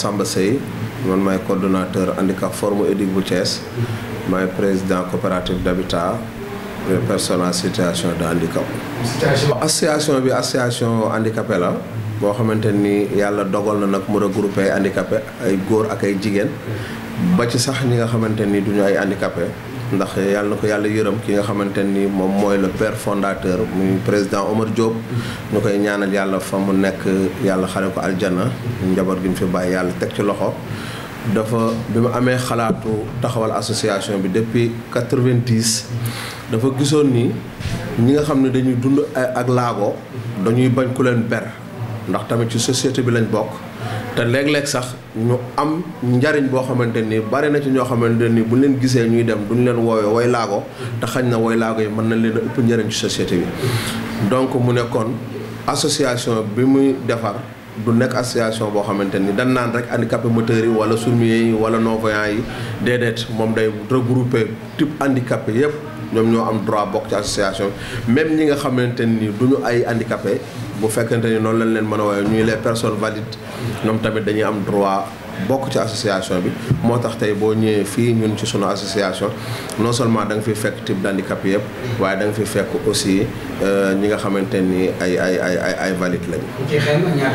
Massamba Seye man maay coordonnateur handicap forme éduc bu Thiès maay président coopérative d'habitat des situation de handicap. association bi association handicapé la boo xamante ni yàlla dogal na nag mu groupe ay handicapé ay góor ak ay jigéen ba ci sax ñi nga xamante ni duñu ay handicapé ndax yàlla na ko yàlla yërëm ki nga xamante ni moom mooy la père fondateur muy président Omar Diop. ñu koy ñaanal yàlla fa mu nekk yàlla xare ko aljana njaboot gi ñu fi bàyyi yàlla teg ci loxo. dafa bi mu amee xalaatu taxawal association bi depuis quatre-vingt-dix dafa gisoon ni ñi nga xam ne dañuy dund ak laago dañuy bañ ku leen ber ndax tamit ci société bi lañ bokk. te léeg-léeg sax ñu am njariñ boo xamante ni bari na ci ñoo xamante nii bu leen gisee ñuy dem ñu leen woowee way laago te xañ na way laago yi mën nañ leen a ëpp njariñ ci société bi donc mu ne kon association bi muy defar du nekk association boo xamante ni dañ naan rek handicapé moteur yi wala sourds yi wala non-voyants yi déedéet moom day regroupé type handicapé yëpp ñoom ñoo am droit bokk ci association même ñi nga xamante ni du ñu ay handicapé bu fekkente ni noonu lañ leen mën a woowee ñuy les personnes valides ñoom tamit dañuy am droit bokk ci association bi moo tax tey boo ñëwee fii ñun ci sunu association non seulement da nga fiy fekk type d'handicap yëpp waaye da nga fiy fekk aussi euh, ñi nga xamante ni ay ay ay ay ay valide lañu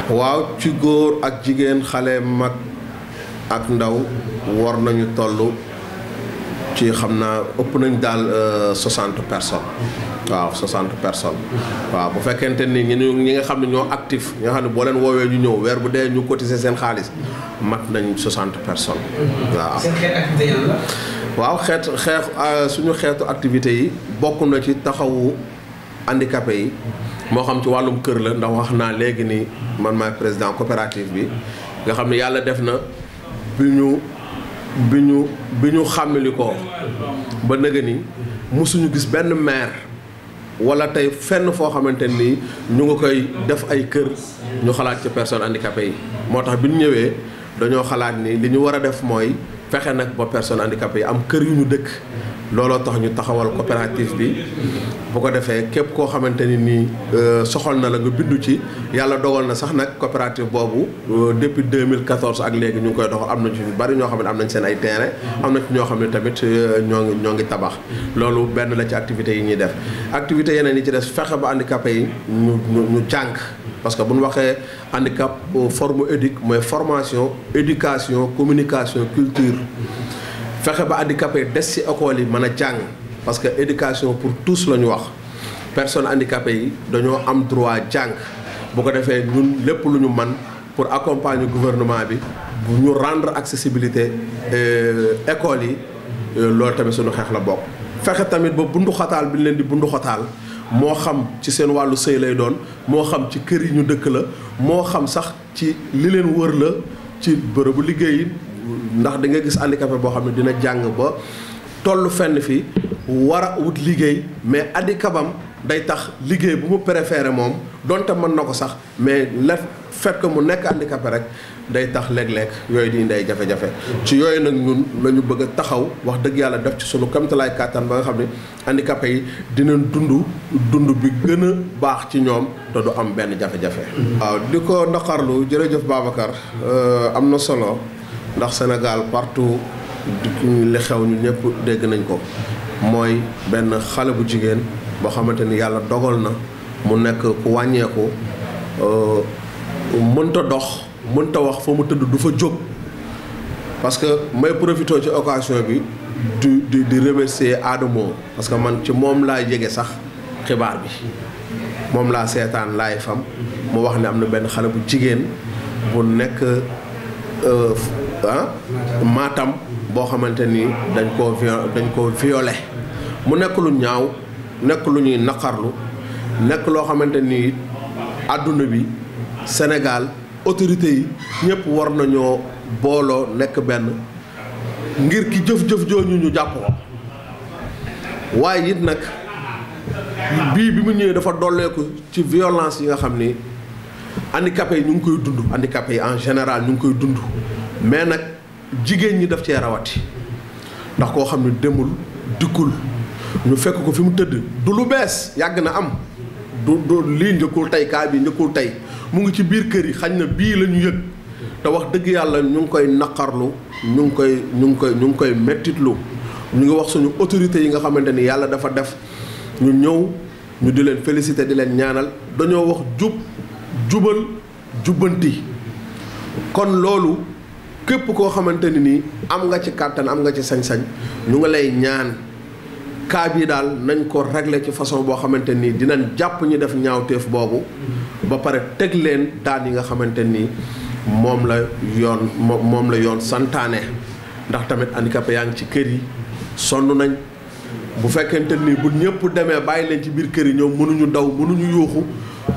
waaw ci góor ak jigéen xale mag ak ndaw war nañu toll ci xam naa ëpp nañ daal euh, soixante personnes. waaw soixante personnes. waaw bu fekkente ni ñu ñi nga xam ne ñoo actif ñi nga xam ne boo leen woowee ñu ñëw weer bu dee ñu cotiser seen xaalis mat nañ soixante personnes. waaw seen xeet activité xeet xeex euh, suñu xeetu activité yi bokk na ci taxawu handicapé yi moo xam ci wàllum kër la ndax wax naa léegi ni man maay président coopérative bi nga xam ne yàlla def na bi ñu. bi ñu bi ñu xàmmilikoo ba nëgë ni mosuñu gis benn maire wala tey fenn foo xamante nii ñu ngi koy def ay kër ñu xalaat ci personnes handicapées yi moo tax bi ñu ñëwee dañoo xalaat ni li ñu war a def mooy fexe nag ba personnes handicapées yi am kër yu ñu dëkk looloo tax ñu taxawal coopérative bi bu ko defee képp koo xamante ni nii euh, soxal na la nga bindu ci yàlla dogal na sax nag coopérative boobu euh, depuis 2014 ak léegi ñu ngi koy doxal am na ci ñu bari ñoo ne am nañ seen ay terrain am na ñoo xam ne tamit euh, ñoo ngi ñoo ngi tabax loolu benn la ci activités yi ñuy def activités yeneen yi ci des fexe ba handicapé yi ñu ñu jàng parce que bu ñu waxee handicap formu éduque mooy formation éducation communication culture fexe ba handicapé des ci école yi mën a jàng parce que éducation pour tous la ñu wax personnes handicapées yi dañoo am droit jàng bu ko defee ñun lépp lu ñu man pour accompagner gouvernement bi bu ñu rendre accessibilité euh, école yi euh, loolu tamit suñu xeex la bokk. fexe tamit ba bunduxataal bi leen di bunduxataal moo xam ci seen wàllu sëy lay doon moo xam ci kër yi ñu dëkk la moo xam sax ci li leen wër la ci bërëbu liggéey ndax da nga gis handicapé boo xam ne dina jàng ba toll fenn fii war a wut liggéey mais handicapam day tax liggéey bu mu préféré moom donte mën na ko sax mais lef fait que mu nekk handicapé rek day tax léeg lekk yooyu di ndey jafe-jafe ci yooyu nag ñun lañu bëgg a taxaw wax dëgg yàlla def ci sunu kamtalaay kàttan ba nga xam ne handicapé yi dina dund dund bi gën a baax ci ñoom te du am benn jafe-jafe mm-hmm. waaw di ko naqarlu jërëjëf Babacar euh, am na solo ndax Sénégal partout li xew ñu ñëpp dégg nañ ko mooy benn xale bu jigéen boo xamante ni yàlla dogal na mu nekk ku wàññeeku euh, mënta dox mënta wax fa mu tëdd du fa jóg parce que may profité ci occasion bi di di di remercier Adamo parce que man ci moom laa jege sax xibaar bi moom laa seetaan laay fam mu wax ne am na benn xale bu jigéen bu nekk euh, ah Matam boo xamante ni dañ koo dañ koo violé mu nekk lu ñaaw nekk lu ñuy naqarlu nekk loo xamante ni àdduna bi Sénégal autorité yi ñëpp war nañoo booloo nekk benn ngir ki jëf-jëf jooju ñu jàpp ko waaye it nag bii bi mu ñëwee dafa dolleeku ci violence yi nga xam ni handicapé yi ñu ngi koy dund handicapé yi en général ñu ngi koy dund mais nag jigéen ñi daf cee rawati ndax koo xam ne demul dikkul ñu fekk ko fi mu tëdd du lu bees yàgg na am du du lii njëkkul tey kaa bi njëkkul tey mu ngi ci biir kër yi xañ na bii la ñu yëg te wax dëgg yàlla ñu ngi koy naqarlu ñu ngi koy ñu ngi koy ñu ngi koy mettitlu ñu ngi wax suñu autorités yi nga xamante ni yàlla dafa def ñu ñëw ñu di leen félicité di leen ñaanal dañoo wax jub jubal jubbanti kon loolu képp koo xamante ne nii am nga ci kàttan am nga ci sañ-sañ ñu ngi lay ñaan kaab yi daal nañ ko régler ci façon boo xamante nii dinañ jàpp ñu def ñaaw ñaawteef boobu ba pare teg leen daan yi nga xamante nii moom la yoon moom la yoon santaane ndax tamit kape yaa ngi ci kër yi sonn nañ bu fekkente nii bu ñëpp demee bàyyi leen ci biir kër yi ñoom mënuñu daw mënuñu yuuxu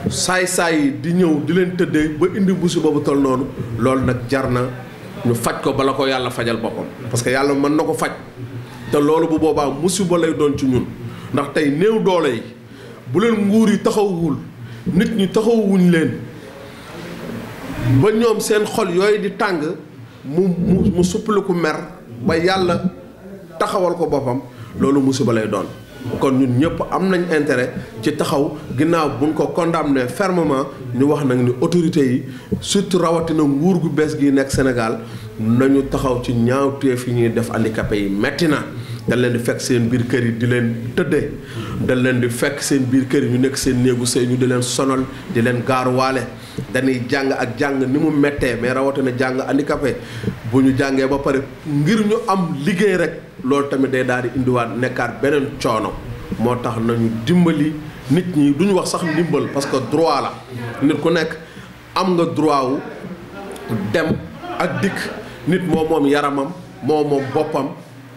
saay-saay yi di ñëw di leen tëddee ba indi busi boobu tol noonu loolu nag jar na ñu faj ko bala ko yàlla fajal boppam parce que yàlla mën na ko faj te loolu bu boobaa musiba lay doon ci ñun ndax tey néew doole yi bu nguur yi taxawul nit ñi taxawuñ leen ba ñoom seen xol yooyu di tàng mu mu mu suppaliku mer ba yàlla taxawal ko boppam loolu musiba lay doon kon ñun ñëpp am nañ intérêt ci taxaw ginnaaw buñ ko condamné fermement ñu wax nag ni autorités yi surtout rawatina nguur gu bees gi nekk Sénégal nañu taxaw ci ñaaw ñaawteef yi ñuy def handicapé yi metti na dañ leen di fekk seen biir kër yi di leen tëddee dañ leen di fekk seen biir kër ñu nekk seen néegu sëy ñu di leen sonal di leen gaaruwaale dañuy jàng ak jàng ni mu méttee mais rawatina jàng handicapé bu ñu jàngee ba pare ngir ñu am liggéey rek loolu tamit day daal di indiwaat nekkaat beneen coono moo tax nañu dimbali nit ñi duñu wax sax ndimbal parce que droit la nit ku nekk am nga droit wu dem ak dikk nit moo moom yaramam moo moom boppam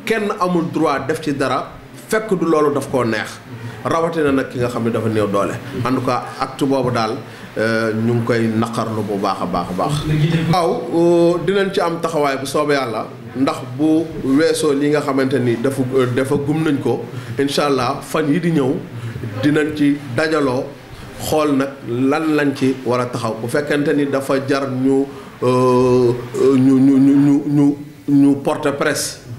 kenn amul droit def ci dara fekk du loolu daf koo neex rawatina nag ki nga xam ne dafa néew doole en tout cas acte boobu daal Euh, ñu ngi koy naqarlu bu baax a baax a baax. waaw euh, dinañ ci am taxawaay bu soobee yàlla ndax bu weesoo li nga xamante ni dafa euh, dafa gum nañ ko incha allah fan yi di ñëw dinañ ci dajaloo xool nag lan lañ ci war a taxaw bu fekkente ni dafa jar ñu ñu ñu ñu ñu ñu porte press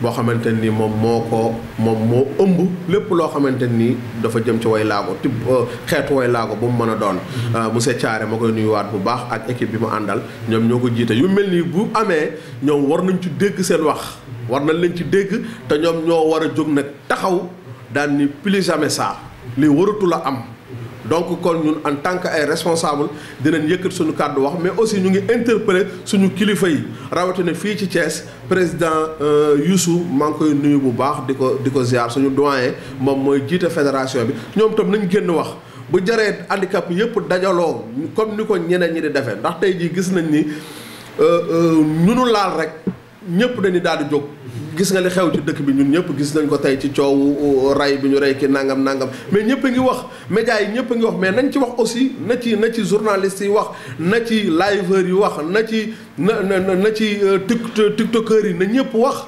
boo xamante ni moom moo ko moom moo ëmb lépp loo xamante ni dafa jëm ci woy laago tib euh, xeetu way laago bu mu mën a doon mm-hmm. euh, monsieur Thiaré ma koy nuyuwaat bu baax ak équipe bi mu àndal ñoom ñoo ko jiite yu mel nii bu amee ñoom war nañ ci dégg seen wax war nañ leen ci dégg te ñoom ñoo war a jóg nag taxaw daan ni plus jamais ça lii waratu la am donc kon ñun en tant que ay responsable dinañ yëkkat suñu kàddu wax mais aussi ñu ngi interpeller suñu kilifa yi rawatina fii ci cees président euh, Youssou maa ngi koy nuyu bu baax di ko di ko ziar suñu doyen moom mooy jiite fédération bi ñoom tam nañ génn wax bu jaree handicap yëpp dajaloo comme ni ko ñeneen ñi di defee ndax tey jii gis nañ ni euh, euh, ñunu laal rek ñëpp dañu daal di jóg gis nga li xew ci dëkk bi ñun ñëpp gis nañ ko tey ci coow uh, ray bi ñu rey ki nangam nangam mais ñëpp ngi wax médias yi ñëpp a ngi wax mais nañ ci wax aussi na ci na ci journalistes yi wax na ci liveurs yi wax na ci na na ci euh, tik euh, tiktokeurs yi na ñëpp wax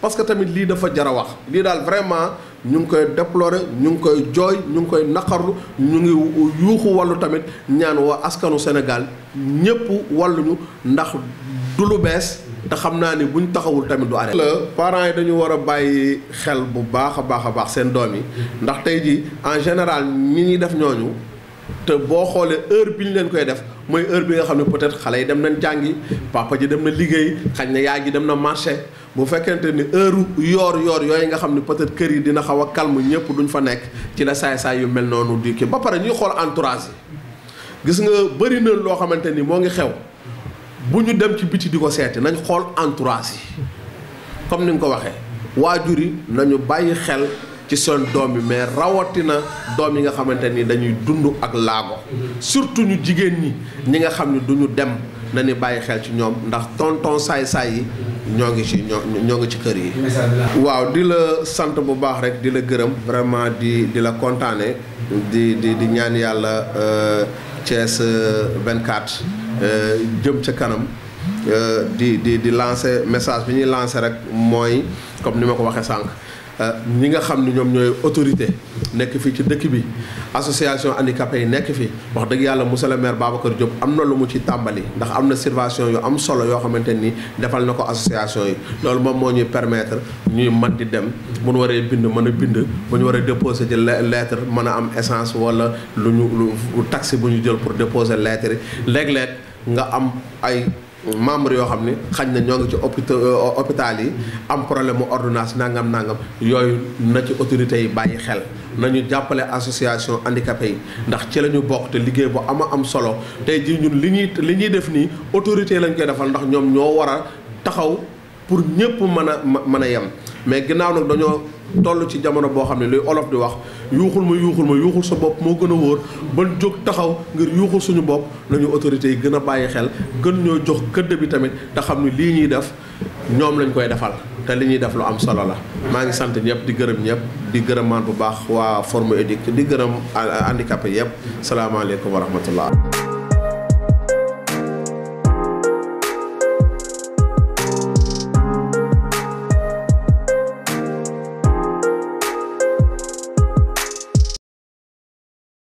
parce que tamit lii dafa jar a wax lii daal vraiment ñu ngi koy déplorer ñu ngi koy jooy ñu ngi koy naqarlu ñu ngi yuuxu wallu tamit ñaan wa askanu Sénégal ñëpp wàlluñu ndax du lu bees te xam naa ni buñ taxawul tamit du arrêté. la parents yi dañu war a bàyyi xel bu baax a baax a baax seen doom yi ndax tey ji en général ni ñuy def ñooñu te boo xoolee heure bi ñu leen koy def mooy heure bi nga xam ne peut-être xale yi dem nañ jàngi papa ji dem na liggéey xañ na yaay ji dem na marché bu fekkente ni heure yoor yoor yooyu nga xam ne peut-être kër yi dina xaw a calme ñëpp duñ fa nekk ci la saay-saay yu mel noonu di kii ba pare ñuy xool entourage yi gis nga bëri na loo xamante ni moo ngi xew bu ñu dem ci biti di ko seeti nañ xool entourage yi comme ni nga ko waxee waajur yi nañu bàyyi xel ci seen doom yi mais rawatina doom yi nga xamante ni dañuy dund ak laago surtout ñu jigéen ñi ñi nga xam ni duñu dem nañu bàyyi xel ci ñoom ndax tonton saay-saay yi ñoo ngi ci ñoo ñoo ngi ci kër yi waaw di la sant bu baax rek di la gërëm vraiment di di la kontaane di di di ñaan yàlla euh, Thiès 24 euh, euh, jëm ca kanam euh, di di di lancer message bi ñuy lancer rek mooy comme ni ma ko waxee sànq ñi nga xam ni ñoom ñooy autorité nekk fii ci dëkk bi association handicapé yi nekk fi wax dëgg yàlla monsieur le maire Babacar Diop am na lu mu ci tàmbali ndax am na situation yu am solo yoo xamante ni defal na ko association yi loolu moom moo ñuy permettre ñuy mat di dem bu ñu waree bind mën a bind bu ñu waree déposer ci lettre mën a am essence wala lu ñu lu taxi bu ñu jël pour déposé lettre yi léeg nga am ay membre yoo xam ne xañ na ñoo ngi ci hôpital euh, hôpital yi am problème mu ordonnance nangam nangam yooyu na ci autorité yi bàyyi xel na ñu jàppale association handicapé yi ndax ci la ñu bokk te liggéey bu am am solo tey jii ñun li ñuy li ñuy def nii autorité lañ koy defal ndax ñoom ñoo war a taxaw pour ñëpp mën a mën a yem mais ginnaaw nag dañoo toll ci jamono boo xam ne luy olof di wax yuuxul ma yuuxul ma yuuxul sa bopp moo gën a wóor ba jóg taxaw ngir yuuxul suñu bopp nañu autorités yi gën a bàyyi xel gën ñoo jox këdd bi tamit te xam ne lii ñuy def ñoom lañ koy defal te li ñuy def lu am solo la maa ngi sant ñëpp di gërëm ñëpp di gërëmaat bu baax waa forme éduc di gërëm handicapé yëpp salaamaaleykum wa rahmatullah